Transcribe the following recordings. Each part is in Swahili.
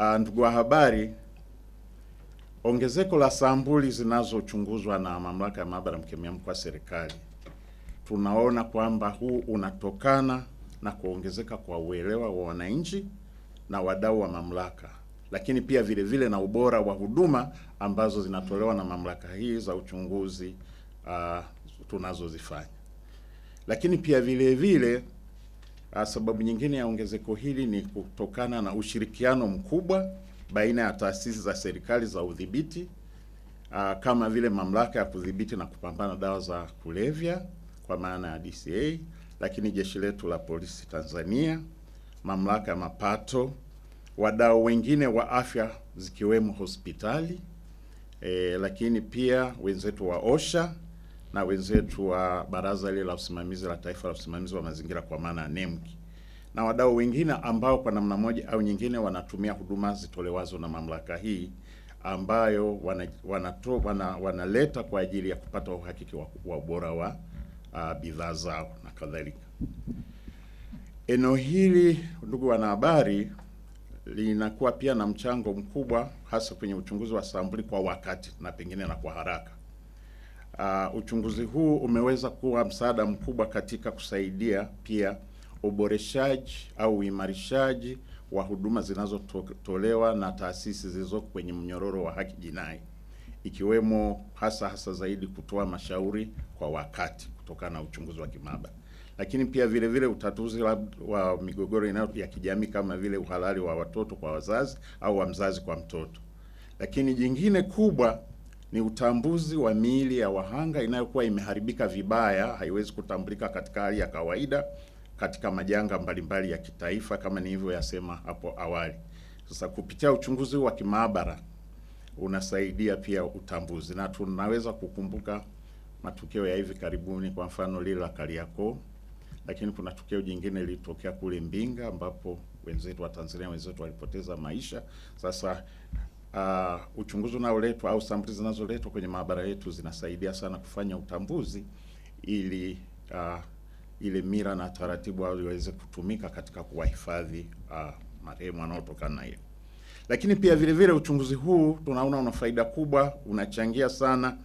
Uh, ndugu wa habari, ongezeko la sampuli zinazochunguzwa na Mamlaka ya Maabara Mkemia Mkuu wa Serikali, tunaona kwamba huu unatokana na kuongezeka kwa uelewa wa wananchi na wadau wa mamlaka, lakini pia vile vile na ubora wa huduma ambazo zinatolewa na mamlaka hii za uchunguzi uh, tunazozifanya, lakini pia vile vile Ah, sababu nyingine ya ongezeko hili ni kutokana na ushirikiano mkubwa baina ya taasisi za serikali za udhibiti ah, kama vile mamlaka ya kudhibiti na kupambana dawa za kulevya kwa maana ya DCA, lakini jeshi letu la polisi Tanzania, mamlaka ya mapato, wadau wengine wa afya zikiwemo hospitali e, lakini pia wenzetu wa OSHA na wenzetu wa baraza ile la usimamizi la taifa la usimamizi wa mazingira kwa maana ya NEMC na wadau wengine ambao kwa namna moja au nyingine wanatumia huduma zitolewazo na mamlaka hii ambayo wanaleta wana, wana, wana kwa ajili ya kupata uhakiki wa ubora wa uh, bidhaa zao na kadhalika. Eneo hili ndugu wanahabari, linakuwa pia na mchango mkubwa hasa kwenye uchunguzi wa sampuli kwa wakati na pengine na kwa haraka Uh, uchunguzi huu umeweza kuwa msaada mkubwa katika kusaidia pia uboreshaji au uimarishaji wa huduma zinazotolewa na taasisi zilizoko kwenye mnyororo wa haki jinai, ikiwemo hasa hasa zaidi kutoa mashauri kwa wakati kutokana na uchunguzi wa kimaabara, lakini pia vile vile utatuzi wa migogoro ya kijamii kama vile uhalali wa watoto kwa wazazi au wa mzazi kwa mtoto, lakini jingine kubwa ni utambuzi wa miili ya wahanga inayokuwa imeharibika vibaya, haiwezi kutambulika katika hali ya kawaida katika majanga mbalimbali ya kitaifa kama nilivyoyasema hapo awali. Sasa kupitia uchunguzi wa kimaabara unasaidia pia utambuzi, na tunaweza kukumbuka matukio ya hivi karibuni, kwa mfano lile la Kariakoo, lakini kuna tukio jingine lilitokea kule Mbinga ambapo wenzetu wa Tanzania wenzetu walipoteza maisha. Sasa uh, uchunguzi unaoletwa au sampuli zinazoletwa kwenye maabara yetu zinasaidia sana kufanya utambuzi ili uh, ile mira na taratibu au iweze kutumika katika kuwahifadhi uh, marehemu wanaotokana na hiyo. Lakini pia vile vile uchunguzi huu tunaona una faida kubwa, unachangia sana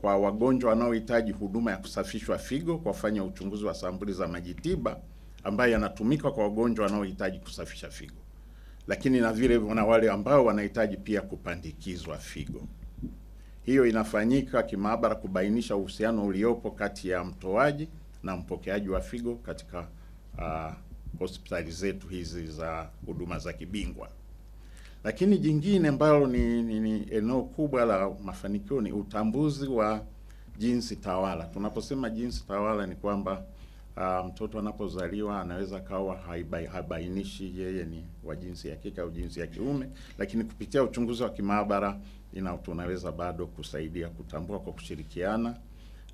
kwa wagonjwa wanaohitaji huduma ya kusafishwa figo kwa kufanya uchunguzi wa sampuli za majitiba ambayo yanatumika kwa wagonjwa wanaohitaji kusafisha figo lakini na vile na wale ambao wanahitaji pia kupandikizwa figo. Hiyo inafanyika kimaabara kubainisha uhusiano uliopo kati ya mtoaji na mpokeaji wa figo katika uh, hospitali zetu hizi za huduma za kibingwa. Lakini jingine ambalo ni, ni, ni eneo kubwa la mafanikio ni utambuzi wa jinsi tawala. Tunaposema jinsi tawala ni kwamba Ah, mtoto um, anapozaliwa anaweza kawa haibainishi yeye ni wa jinsi ya kike au jinsi ya kiume, lakini kupitia uchunguzi wa kimaabara ina tunaweza bado kusaidia kutambua kwa kushirikiana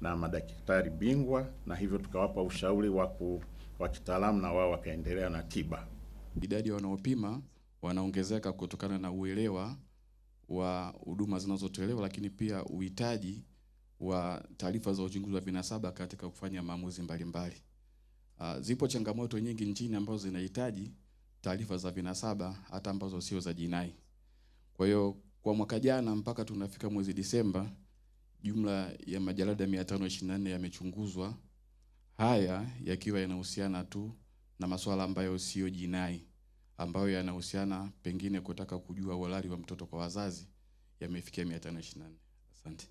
na madaktari bingwa, na hivyo tukawapa ushauri wa kitaalamu na wao wakaendelea na tiba. Idadi ya wanaopima wanaongezeka kutokana na uelewa wa huduma zinazotolewa, lakini pia uhitaji wa taarifa za uchunguzi wa vinasaba katika kufanya maamuzi mbalimbali. Uh, zipo changamoto nyingi nchini ambazo zinahitaji taarifa za vinasaba hata ambazo sio za jinai. Kwa hiyo kwa mwaka jana mpaka tunafika mwezi Disemba, jumla ya majalada 524 yamechunguzwa, haya yakiwa yanahusiana tu na masuala ambayo sio jinai, ambayo yanahusiana pengine kutaka kujua uhalali wa mtoto kwa wazazi, yamefikia 524. Asante.